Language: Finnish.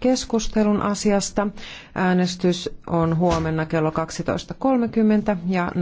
keskustelun asiasta. Äänestys on huomenna kello 12.30 ja näillä